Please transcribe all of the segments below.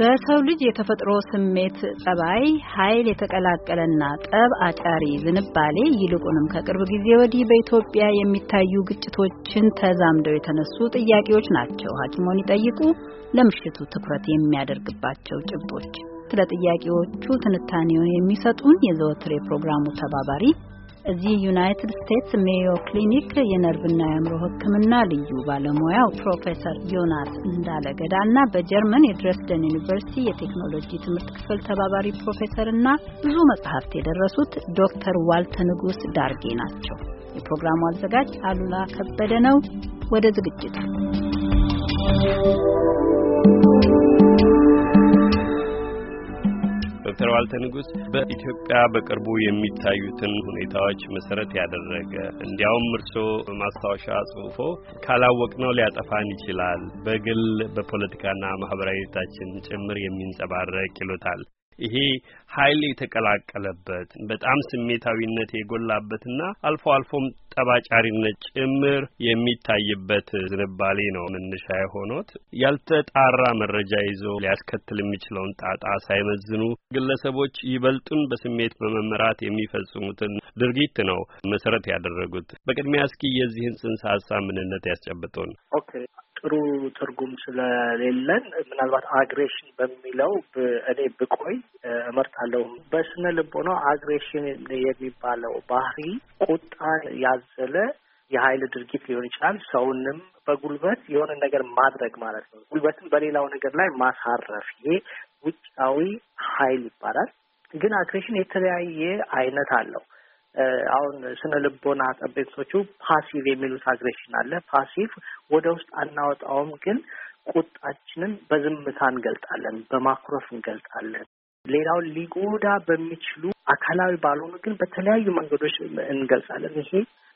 በሰው ልጅ የተፈጥሮ ስሜት ጸባይ ኃይል የተቀላቀለና ጠብ አጫሪ ዝንባሌ ይልቁንም ከቅርብ ጊዜ ወዲህ በኢትዮጵያ የሚታዩ ግጭቶችን ተዛምደው የተነሱ ጥያቄዎች ናቸው። ሐኪሞን ይጠይቁ ለምሽቱ ትኩረት የሚያደርግባቸው ጭብጦች። ስለ ጥያቄዎቹ ትንታኔውን የሚሰጡን የዘወትር የፕሮግራሙ ተባባሪ እዚህ ዩናይትድ ስቴትስ ሜዮ ክሊኒክ የነርቭና የአእምሮ ሕክምና ልዩ ባለሙያው ፕሮፌሰር ዮናስ እንዳለገዳ እና በጀርመን የድረስደን ዩኒቨርሲቲ የቴክኖሎጂ ትምህርት ክፍል ተባባሪ ፕሮፌሰር እና ብዙ መጽሐፍት የደረሱት ዶክተር ዋልተ ንጉስ ዳርጌ ናቸው። የፕሮግራሙ አዘጋጅ አሉላ ከበደ ነው። ወደ ዝግጅት ዶክተር ዋልተ ንጉስ በኢትዮጵያ በቅርቡ የሚታዩትን ሁኔታዎች መሰረት ያደረገ እንዲያውም እርስዎ ማስታወሻ ጽሁፎ ካላወቅነው ሊያጠፋን ይችላል፣ በግል በፖለቲካና ማህበራዊታችን ጭምር የሚንጸባረቅ ይሉታል። ይሄ ኃይል የተቀላቀለበት በጣም ስሜታዊነት የጎላበትና አልፎ አልፎም ጠባጫሪነት ጭምር የሚታይበት ዝንባሌ ነው መነሻ የሆኖት ያልተጣራ መረጃ ይዞ ሊያስከትል የሚችለውን ጣጣ ሳይመዝኑ ግለሰቦች ይበልጡን በስሜት በመመራት የሚፈጽሙትን ድርጊት ነው መሰረት ያደረጉት። በቅድሚያ እስኪ የዚህን ጽንሰ ሀሳብ ምንነት ያስጨብጡን። ኦኬ ጥሩ ትርጉም ስለሌለን ምናልባት አግሬሽን በሚለው እኔ ብቆይ እመርጣለሁ። በስነ ልቦና አግሬሽን የሚባለው ባህሪ ቁጣን ያዘለ የኃይል ድርጊት ሊሆን ይችላል። ሰውንም በጉልበት የሆነ ነገር ማድረግ ማለት ነው። ጉልበትን በሌላው ነገር ላይ ማሳረፍ፣ ይሄ ውጫዊ ኃይል ይባላል። ግን አግሬሽን የተለያየ አይነት አለው። አሁን ስነ ልቦና ጠበቶቹ ፓሲቭ የሚሉት አግሬሽን አለ። ፓሲቭ ወደ ውስጥ አናወጣውም፣ ግን ቁጣችንን በዝምታ እንገልጣለን፣ በማኩረፍ እንገልጣለን። ሌላው ሊጎዳ በሚችሉ አካላዊ ባልሆኑ ግን በተለያዩ መንገዶች እንገልጻለን። ይሄ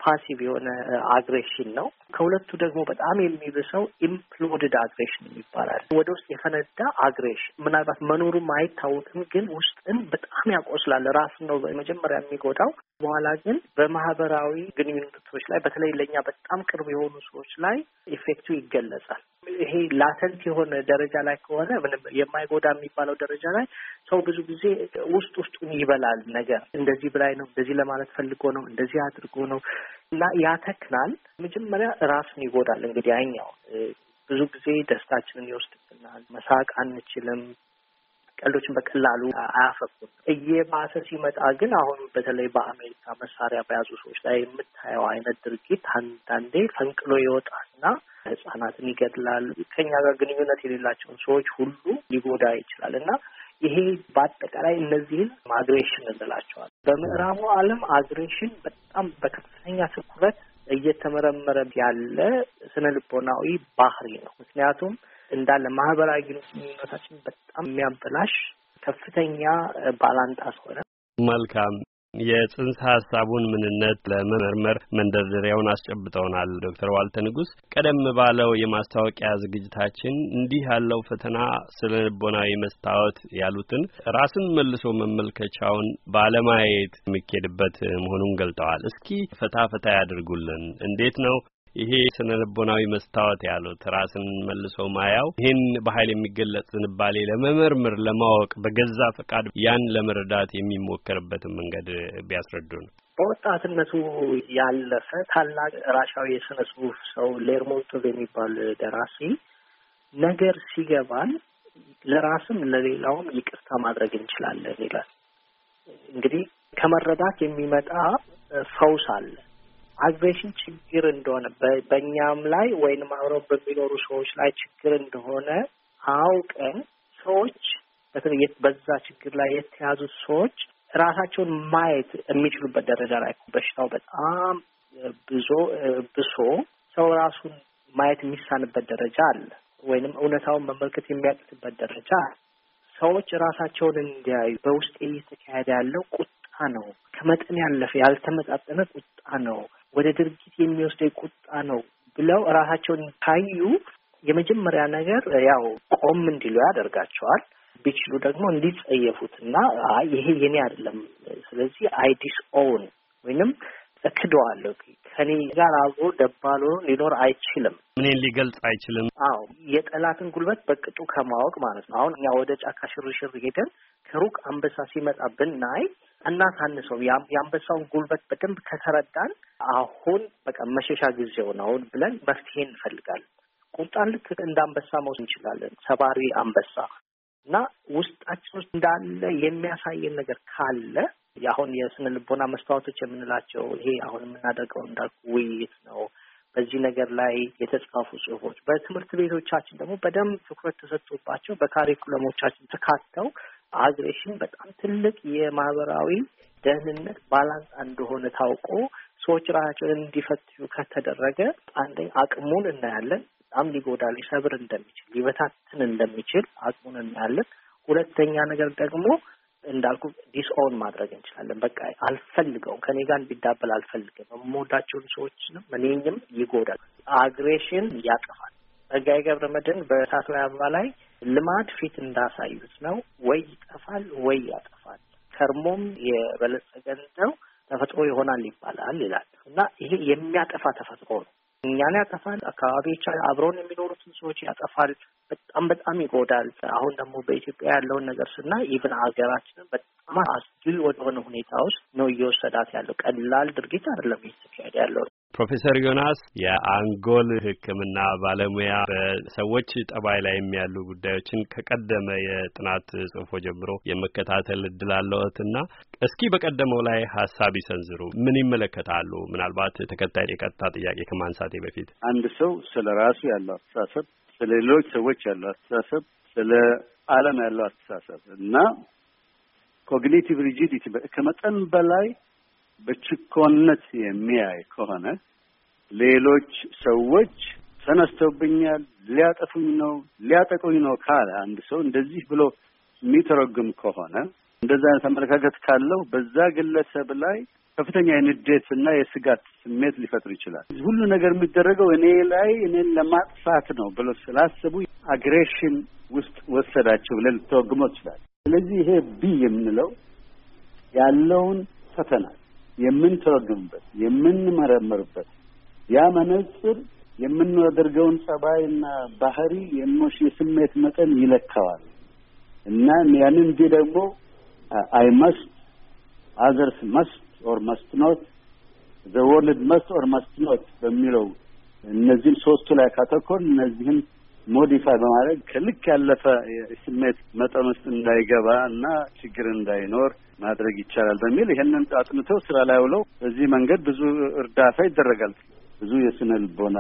ፓሲቭ የሆነ አግሬሽን ነው። ከሁለቱ ደግሞ በጣም የሚብሰው ኢምፕሎድድ አግሬሽን ይባላል። ወደ ውስጥ የፈነዳ አግሬሽን ምናልባት መኖሩም አይታወቅም፣ ግን ውስጥን በጣም ያቆስላል። ራስን ነው መጀመሪያ የሚጎዳው። በኋላ ግን በማህበራዊ ግንኙነቶች ላይ በተለይ ለእኛ በጣም ቅርብ የሆኑ ሰዎች ላይ ኢፌክቱ ይገለጻል። ይሄ ላተንት የሆነ ደረጃ ላይ ከሆነ ምንም የማይጎዳ የሚባለው ደረጃ ላይ ሰው ብዙ ጊዜ ውስጥ ውስጡን ይበላል። ነገር እንደዚህ ብላይ ነው፣ እንደዚህ ለማለት ፈልጎ ነው፣ እንደዚህ አድርጎ ነው እና ያተክናል። መጀመሪያ ራስን ይጎዳል። እንግዲህ አይኛው ብዙ ጊዜ ደስታችንን ይወስድብናል። መሳቅ አንችልም። ቀልዶችን በቀላሉ አያፈቁም። እየባሰ ሲመጣ ግን አሁን በተለይ በአሜሪካ መሳሪያ በያዙ ሰዎች ላይ የምታየው አይነት ድርጊት አንዳንዴ ፈንቅሎ ይወጣልና ህጻናትን ይገድላል። ከኛ ጋር ግንኙነት የሌላቸውን ሰዎች ሁሉ ሊጎዳ ይችላል እና ይሄ በአጠቃላይ እነዚህን አግሬሽን እንላቸዋል። በምዕራቡ ዓለም አግሬሽን በጣም በከፍተኛ ትኩረት እየተመረመረ ያለ ስነ ልቦናዊ ባህሪ ነው። ምክንያቱም እንዳለ ማህበራዊ ግንኙነታችን በጣም የሚያበላሽ ከፍተኛ ባላንጣ ሆነ። መልካም የጽንሰ ሀሳቡን ምንነት ለመመርመር መንደርደሪያውን አስጨብጠውናል ዶክተር ዋልተ ንጉስ። ቀደም ባለው የማስታወቂያ ዝግጅታችን እንዲህ ያለው ፈተና ስለ ልቦናዊ መስታወት ያሉትን ራስን መልሶ መመልከቻውን ባለማየት የሚኬድበት መሆኑን ገልጠዋል። እስኪ ፈታ ፈታ ያድርጉልን። እንዴት ነው ይሄ ስነ ልቦናዊ መስታወት ያሉት ራስን መልሶ ማያው ይህን በኃይል የሚገለጽ ዝንባሌ ለመመርመር ለማወቅ በገዛ ፈቃድ ያን ለመረዳት የሚሞከርበትን መንገድ ነው። በወጣትነቱ ያለፈ ታላቅ ራሻዊ የስነ ጽሁፍ ሰው ሌርሞንቶቭ የሚባል ደራሲ ነገር ሲገባን ለራስም ለሌላውም ይቅርታ ማድረግ እንችላለን ይላል። እንግዲህ ከመረዳት የሚመጣ ፈውስ አለ። አግሬሽን ችግር እንደሆነ በእኛም ላይ ወይንም አብረው በሚኖሩ ሰዎች ላይ ችግር እንደሆነ አውቀን ሰዎች በተለይ በዛ ችግር ላይ የተያዙት ሰዎች ራሳቸውን ማየት የሚችሉበት ደረጃ ላይ በሽታው በጣም ብዙ ብሶ ሰው ራሱን ማየት የሚሳንበት ደረጃ አለ፣ ወይንም እውነታውን መመልከት የሚያቅትበት ደረጃ ሰዎች ራሳቸውን እንዲያዩ በውስጤ እየተካሄደ ያለው ቁጣ ነው። ከመጠን ያለፈ ያልተመጣጠነ ቁጣ ነው፣ ወደ ድርጊት የሚወስደ ቁጣ ነው ብለው ራሳቸውን ካዩ የመጀመሪያ ነገር ያው ቆም እንዲሉ ያደርጋቸዋል። ቢችሉ ደግሞ እና ይሄ የኔ አይደለም፣ ስለዚህ አይ ዲስ ወይንም እክደዋለሁ ከኔ ጋር አብሮ ደባሎ ሊኖር አይችልም። እኔን ሊገልጽ አይችልም። አዎ የጠላትን ጉልበት በቅጡ ከማወቅ ማለት ነው። አሁን እኛ ወደ ጫካ ሽርሽር ሄደን ከሩቅ አንበሳ ሲመጣ ብናይ እናሳንሰው። የአንበሳውን ጉልበት በደንብ ከተረዳን አሁን በቃ መሸሻ ጊዜው ነው ብለን መፍትሄ እንፈልጋለን። ቁጣን ልክ እንደ አንበሳ መውሰድ እንችላለን። ሰባሪ አንበሳ እና ውስጣችን ውስጥ እንዳለ የሚያሳየን ነገር ካለ አሁን የስነ ልቦና መስታወቶች የምንላቸው ይሄ አሁን የምናደርገው እንዳልኩ ውይይት ነው። በዚህ ነገር ላይ የተጻፉ ጽሁፎች በትምህርት ቤቶቻችን ደግሞ በደንብ ትኩረት ተሰጥቶባቸው በካሪኩለሞቻችን ተካተው አግሬሽን በጣም ትልቅ የማህበራዊ ደህንነት ባላንስ እንደሆነ ታውቆ ሰዎች ራሳቸውን እንዲፈትሹ ከተደረገ አንደኛ አቅሙን እናያለን። በጣም ሊጎዳ ሊሰብር እንደሚችል ሊበታትን እንደሚችል አቅሙን እናያለን። ሁለተኛ ነገር ደግሞ እንዳልኩ ዲስኦን ማድረግ እንችላለን። በቃ አልፈልገውም፣ ከኔ ጋር እንዲዳበል አልፈልግም። የምወዳቸውን ሰዎችንም እኔኝም ይጎዳል። አግሬሽን ያጠፋል። ጸጋዬ ገብረ መድን በእሳት ላይ አበባ ላይ ልማድ ፊት እንዳሳዩት ነው ወይ ይጠፋል ወይ ያጠፋል፣ ከርሞም የበለጸገን ነው ተፈጥሮ ይሆናል ይባላል ይላል እና ይሄ የሚያጠፋ ተፈጥሮ ነው። እኛን ያጠፋል፣ አካባቢዎች አብረውን የሚኖሩትን ሰዎች ያጠፋል። በጣም በጣም ይጎዳል። አሁን ደግሞ በኢትዮጵያ ያለውን ነገር ስናይ ኢቭን ሀገራችንን በጣም አስጊ ወደሆነ ሁኔታ ውስጥ ነው እየወሰዳት ያለው። ቀላል ድርጊት አይደለም እየተካሄደ ያለው። ፕሮፌሰር ዮናስ የአንጎል ሕክምና ባለሙያ በሰዎች ጠባይ ላይም ያሉ ጉዳዮችን ከቀደመ የጥናት ጽሁፎ ጀምሮ የመከታተል እድል አለዎትና እስኪ በቀደመው ላይ ሀሳብ ይሰንዝሩ። ምን ይመለከታሉ? ምናልባት ተከታይ የቀጥታ ጥያቄ ከማንሳቴ በፊት አንድ ሰው ስለ ራሱ ያለው አስተሳሰብ ስለ ሌሎች ሰዎች ያለው አስተሳሰብ፣ ስለ ዓለም ያለው አስተሳሰብ እና ኮግኒቲቭ ሪጂዲቲ ከመጠን በላይ በችኮነት የሚያይ ከሆነ ሌሎች ሰዎች ተነስተውብኛል፣ ሊያጠፉኝ ነው፣ ሊያጠቁኝ ነው ካለ አንድ ሰው እንደዚህ ብሎ የሚተረጉም ከሆነ እንደዚህ አይነት አመለካከት ካለው በዛ ግለሰብ ላይ ከፍተኛ የንዴት እና የስጋት ስሜት ሊፈጥር ይችላል። ሁሉ ነገር የሚደረገው እኔ ላይ እኔን ለማጥፋት ነው ብሎ ስላሰቡ አግሬሽን ውስጥ ወሰዳቸው ብለን ልተወግመው ይችላል። ስለዚህ ይሄ ቢ የምንለው ያለውን ፈተና የምንተወግምበት፣ የምንመረምርበት ያ መነጽር የምናደርገውን ጸባይና ባህሪ የሞሽ የስሜት መጠን ይለካዋል እና ያንን እንዲህ ደግሞ አይ መስት አዘርስ መስት ኦር መስት ኖት ዘ ወርልድ መስት ኦር መስት ኖት በሚለው እነዚህም ሶስቱ ላይ ካተኮር እነዚህን ሞዲፋይ በማድረግ ከልክ ያለፈ ስሜት መጠን ውስጥ እንዳይገባ እና ችግር እንዳይኖር ማድረግ ይቻላል በሚል ይህንን አጥንተው ስራ ላይ ውለው በዚህ መንገድ ብዙ እርዳታ ይደረጋል። ብዙ የስነ ልቦና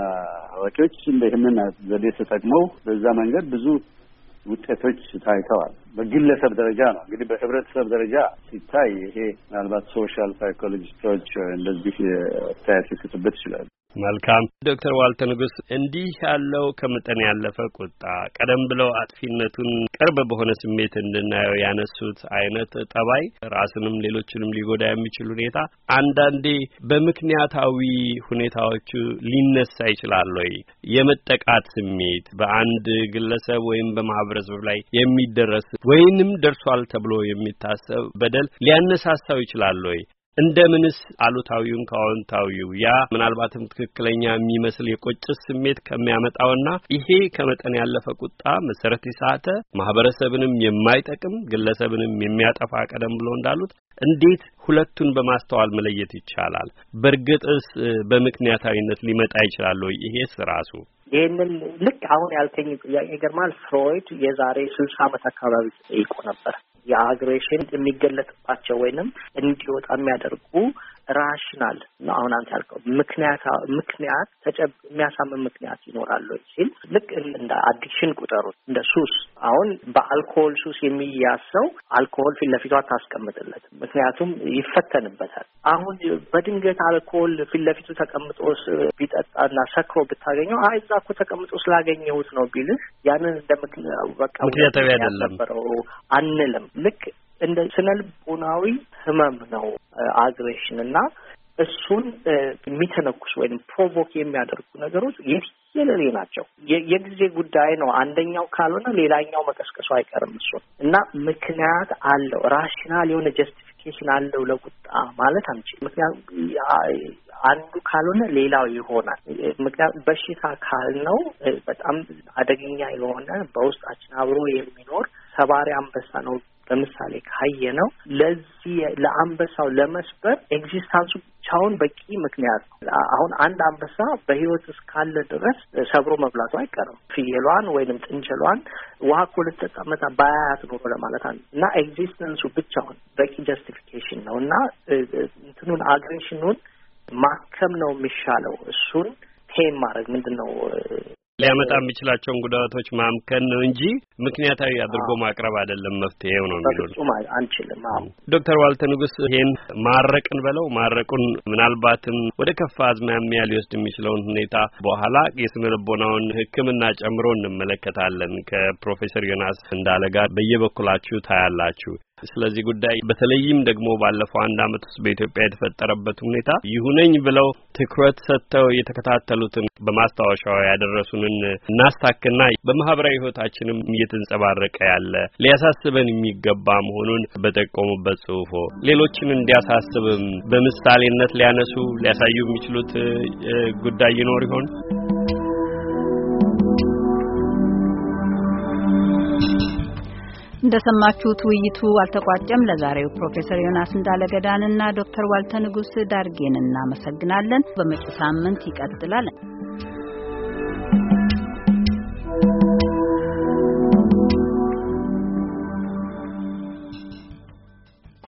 አዋቂዎች ይህንን ዘዴ ተጠቅመው በዛ መንገድ ብዙ ውጤቶች ታይተዋል። በግለሰብ ደረጃ ነው እንግዲህ በህብረተሰብ ደረጃ ሲታይ ይሄ ምናልባት ሶሻል ሳይኮሎጂስቶች እንደዚህ አስተያየት ሊሰጡበት ይችላሉ። መልካም ዶክተር ዋልተ ንጉስ፣ እንዲህ ያለው ከመጠን ያለፈ ቁጣ ቀደም ብለው አጥፊነቱን ቅርብ በሆነ ስሜት እንድናየው ያነሱት አይነት ጠባይ ራስንም ሌሎችንም ሊጎዳ የሚችል ሁኔታ አንዳንዴ በምክንያታዊ ሁኔታዎቹ ሊነሳ ይችላል ወይ? የመጠቃት ስሜት በአንድ ግለሰብ ወይም በማህበረሰብ ላይ የሚደረስ ወይንም ደርሷል ተብሎ የሚታሰብ በደል ሊያነሳሳው ይችላል ወይ? እንደምንስ አሉታዊውን ከአዎንታዊው ያ ምናልባትም ትክክለኛ የሚመስል የቆጭስ ስሜት ከሚያመጣውና ይሄ ከመጠን ያለፈ ቁጣ መሰረት የሳተ ማህበረሰብንም የማይጠቅም ግለሰብንም የሚያጠፋ ቀደም ብሎ እንዳሉት እንዴት ሁለቱን በማስተዋል መለየት ይቻላል? በእርግጥስ በምክንያታዊነት ሊመጣ ይችላል ወይ ይሄስ ራሱ ይህንን ልክ አሁን ያልከኝ ጥያቄ ገርማል ፍሮይድ የዛሬ ስልሳ ዓመት አካባቢ ጠይቆ ነበር። የአግሬሽን የሚገለጥባቸው ወይንም እንዲወጣ የሚያደርጉ ራሽናል ነው። አሁን አንተ ያልከው ምክንያት ምክንያት ተጨብ የሚያሳምን ምክንያት ይኖራል ሲል ልክ እንደ አዲክሽን ቁጠሩት፣ እንደ ሱስ። አሁን በአልኮል ሱስ የሚያዝ ሰው አልኮሆል ፊት ለፊቷ አታስቀምጥለት፣ ምክንያቱም ይፈተንበታል። አሁን በድንገት አልኮል ፊት ለፊቱ ተቀምጦ ቢጠጣና ሰክሮ ብታገኘው አይ እዛ እኮ ተቀምጦ ስላገኘሁት ነው ቢልህ ያንን እንደ በቃ ምክንያታዊ አይደለም አንልም። ልክ እንደ ስነልቦናዊ ህመም ነው አግሬሽን እና እሱን የሚተነኩስ ወይም ፕሮቮክ የሚያደርጉ ነገሮች የትየለሌ ናቸው። የጊዜ ጉዳይ ነው። አንደኛው ካልሆነ ሌላኛው መቀስቀሱ አይቀርም። እሱን እና ምክንያት አለው ራሽናል የሆነ ጀስቲፊኬሽን አለው ለቁጣ ማለት አንችል። ምክንያቱ አንዱ ካልሆነ ሌላው ይሆናል። ምክንያቱ በሽታ ካልነው በጣም አደገኛ የሆነ በውስጣችን አብሮ የሚኖር ሰባሪ አንበሳ ነው ለምሳሌ ካየ ነው ለዚህ ለአንበሳው ለመስበር ኤግዚስታንሱ ብቻውን በቂ ምክንያት ነው። አሁን አንድ አንበሳ በህይወት እስካለ ድረስ ሰብሮ መብላቱ አይቀርም። ፍየሏን ወይንም ጥንቸሏን ውሃ እኮ ልትጠቀመታ ባያያት ኖሮ ለማለት አለ እና ኤግዚስተንሱ ብቻውን በቂ ጀስቲፊኬሽን ነው እና እንትኑን አግሬሽኑን ማከም ነው የሚሻለው እሱን ቴም ማድረግ ምንድን ነው ሊያመጣ የሚችላቸውን ጉዳቶች ማምከን ነው እንጂ ምክንያታዊ አድርጎ ማቅረብ አይደለም መፍትሄው ነው የሚሉ አንችልም። ዶክተር ዋልተ ንጉስ ይሄን ማረቅን በለው ማረቁን ምናልባትም ወደ ከፋ አዝማሚያ ሊወስድ የሚችለውን ሁኔታ በኋላ የስነ ልቦናውን ሕክምና ጨምሮ እንመለከታለን። ከፕሮፌሰር ዮናስ እንዳለ ጋር በየበኩላችሁ ታያላችሁ። ስለዚህ ጉዳይ በተለይም ደግሞ ባለፈው አንድ ዓመት ውስጥ በኢትዮጵያ የተፈጠረበት ሁኔታ ይሁነኝ ብለው ትኩረት ሰጥተው የተከታተሉትን በማስታወሻው ያደረሱንን እናስታክና በማህበራዊ ህይወታችንም እየተንጸባረቀ ያለ ሊያሳስበን የሚገባ መሆኑን በጠቆሙበት ጽሁፎ ሌሎችን እንዲያሳስብም በምሳሌነት ሊያነሱ ሊያሳዩ የሚችሉት ጉዳይ ይኖር ይሆን? እንደሰማችሁት ውይይቱ አልተቋጨም። ለዛሬው ፕሮፌሰር ዮናስ እንዳለገዳንና ዶክተር ዋልተ ንጉስ ዳርጌን እናመሰግናለን። በመጪው ሳምንት ይቀጥላል።